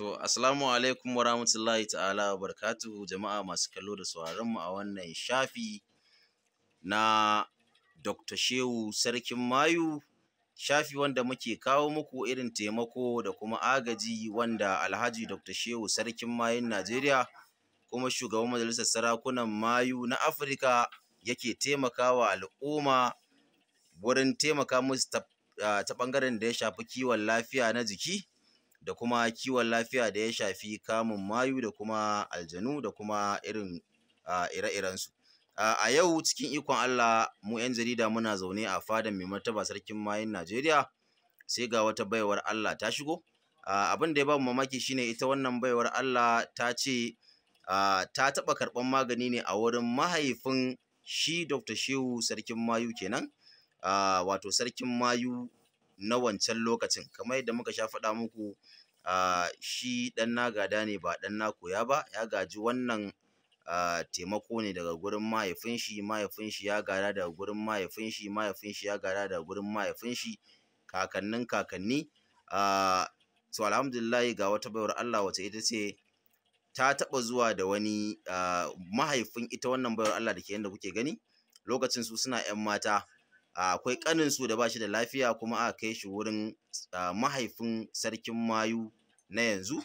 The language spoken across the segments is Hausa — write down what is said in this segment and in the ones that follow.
To, assalamu alaikum wa rahmatullahi ta'ala wa barakatuhu jama'a masu kallo da sauraron mu a wannan shafi na Dr. Shehu Sarkin Mayu, shafi wanda muke kawo muku irin taimako da kuma agaji wanda Alhaji Dr. Shehu Sarkin Mayun Najeriya kuma shugaban majalisar sarakunan Mayu na Afirka yake taimakawa al'umma wurin taimaka musu ta ah, ɓangaren da ya shafi kiwon lafiya na jiki. da kuma kiwon lafiya da ya shafi kamun mayu da kuma aljanu da kuma irin ire-irensu. A yau cikin ikon Allah mu 'yan jarida muna zaune a fadan mai martaba sarkin mayun Najeriya sai ga wata baiwar Allah ta shigo. Abin da ya ba mu mamaki shine ita wannan baiwar Allah ta ce ta taɓa karɓar magani ne a wurin mahaifin shi Dr. Shehu sarkin mayu kenan. wato sarkin mayu na wancan lokacin kamar yadda muka sha faɗa muku shi ɗan na gada ne ba ɗan na koya ba ya gaji wannan taimako ne daga gurin mahaifin shi mahaifin shi ya gada daga gurin mahaifin shi mahaifin shi ya gada daga gurin mahaifin shi kakannin kakanni uh, to alhamdulillahi ga wata baiwar Allah wace ita ce ta taɓa zuwa da wani mahaifin ita wannan baiwar Allah da ke yadda kuke gani lokacin su suna 'yan mata Ah, akwai ƙaninsu da ba shi da lafiya kuma a kai shi wurin ah, mahaifin sarkin mayu na yanzu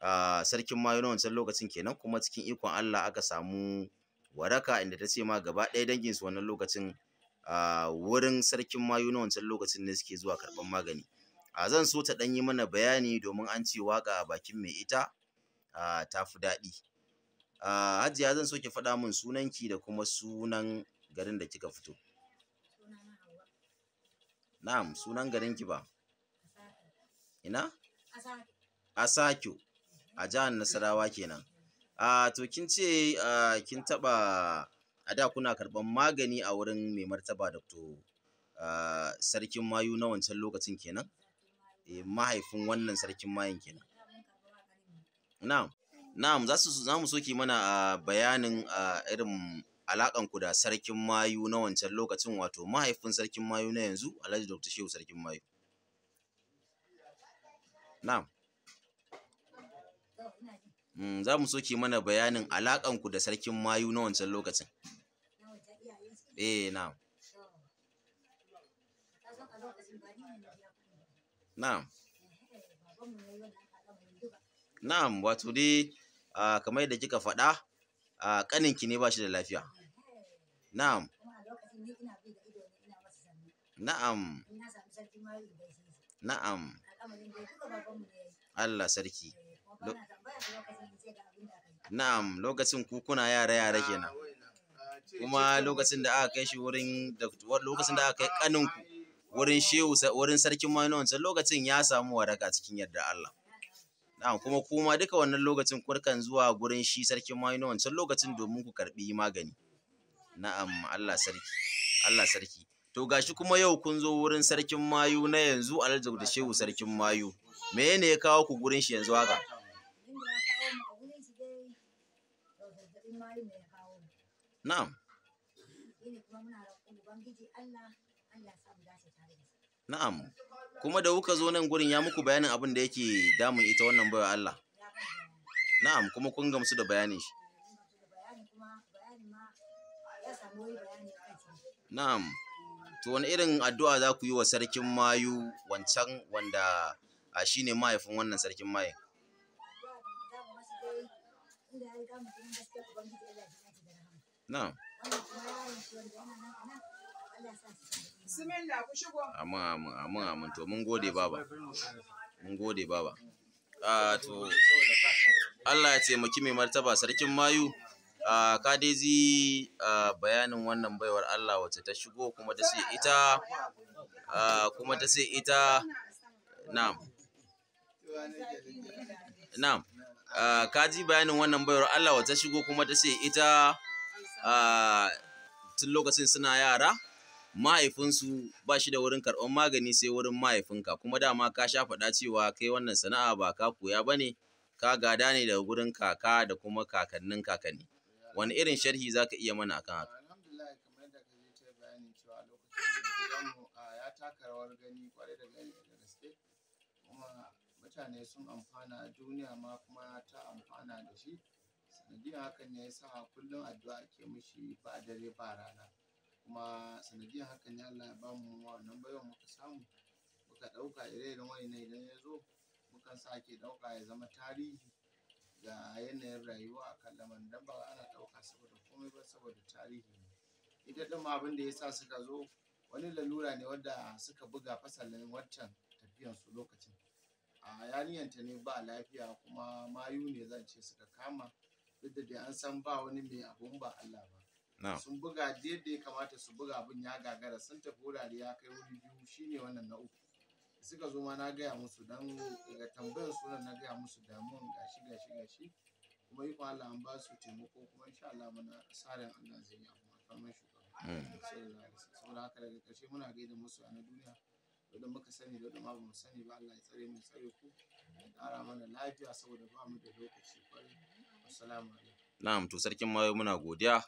ah, sarkin mayu na wancan lokacin kenan kuma cikin ikon Allah aka samu waraka inda ta ce ma gaba ɗaya danginsu wannan lokacin wurin sarkin mayu na wancan lokacin ne suke zuwa karɓar magani a zan so ta ɗan yi mana bayani domin an ce waka a bakin mai ita ta fi daɗi hajiya zan so ki faɗa min sunanki da kuma sunan garin da kika fito Na'am, sunan garin ki ba? Ina? Asakio. A jihar Nasarawa kenan. A to kin ce kin taba a da kuna karban magani a wurin mai martaba Dr. sarkin mayu na wancan lokacin kenan? Eh mahaifin wannan sarkin mayun kenan. Na'am. Na'am, za su za mu soke mana bayanin irin alaƙan ku da sarkin mayu na wancan lokacin wato mahaifin sarkin mayu na yanzu Alhaji Dr. Shehu sarkin mayu na'am mm, za mu soke mana bayanin alaƙan ku da sarkin mayu na wancan lokacin eh na'am na'am na'am wato dai ah, kamar yadda kika faɗa a ah, ƙaninki ne ba shi da lafiya Na'am. Na'am. Na'am. Allah sarki. Eh, Na'am, lokacin ku kuna yara yara kenan. Kuma lokacin da aka kai shi wurin lokacin da aka kai kanin ku wurin shehu wurin sarkin Manu wancan lokacin ya samu waraka cikin yarda Allah. Na'am, kuma kuma duka wannan lokacin kurkan zuwa gurin shi sarkin Manu wancan lokacin domin ku karbi magani. na'am Allah sarki Allah sarki to gashi kuma yau kun zo wurin sarkin mayu na yanzu alhaji da shehu sarkin mayu me ne ya kawo ku gurin shi yanzu haka na'am na'am kuma da kuka zo nan gurin ya muku bayanin abin da yake damun ita wannan baiwa Allah na'am kuma kun gamsu da bayanin shi Na'am. To wani irin addu'a za ku yi wa sarkin mayu wancan wanda a shi ne mahaifin wannan sarkin Mayu? Na'am. Amin amin amin amin to mun gode baba. Mun gode baba. Ah to Allah ya taimaki mai martaba sarkin mayu. Uh, ka dai ji uh, bayanin wannan baiwar Allah wacce ta shigo kuma ta ce ita ah, kuma ta ce ita na'am na'am ka ji bayanin wannan baiwar Allah wacce ta shigo kuma ta ce ita tun lokacin suna yara mahaifinsu ba shi da wurin karɓar magani sai wurin mahaifinka kuma dama ka sha faɗa cewa kai wannan sana'a ba ka koya ba ne ka gada ne daga wurin kaka da kuma kakannin kakanni wani irin sharhi za ka iya mana akan haka alhamdulillah kamar yadda ka je ta bayanin cewa a lokacin da ya taka rawar gani kwarai da gaske kuma mutane sun amfana duniya ma kuma ta amfana da shi sanadiyar hakan ne sa kullum addu'a ke mishi ba dare ba rana kuma sanadiyar hakan ya Allah ya bamu wannan baiwa muka samu muka ɗauka ire-iren wa'innan idan ya zo mukan sake ɗauka ya zama tarihi ga yanayin rayuwa a kan lamarin dan ba ana ɗauka saboda komai ba saboda tarihi ne ita ɗin abin da ya sa suka zo wani lalura ne wadda suka buga fasalin watan tafiyan su lokacin a yarinyanta ne ba lafiya kuma mayu ne zan ce suka kama duk da dai an san ba wani mai abun ba Allah ba sun buga yadda ya kamata su buga abin ya gagara sun tafi wurare ya kai wuri biyu shine wannan na uku suka zo ma na gaya musu dan daga tambayar sunan na gaya musu damuwan gashi gashi gashi kuma yi Allah an ba su taimako kuma insha Allah muna tsarin Allah zai yi amma kamar shugaba hmm. saboda haka daga ƙarshe muna gaida musu a na duniya da muka sani da ma ba mu sani ba Allah ya tsare mu tsare ku ya ƙara mana lafiya saboda ba mu da lokaci kwarai assalamu alaikum na'am to sarkin mayo muna godiya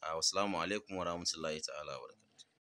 assalamu alaikum wa rahmatullahi ta'ala wa barakatuh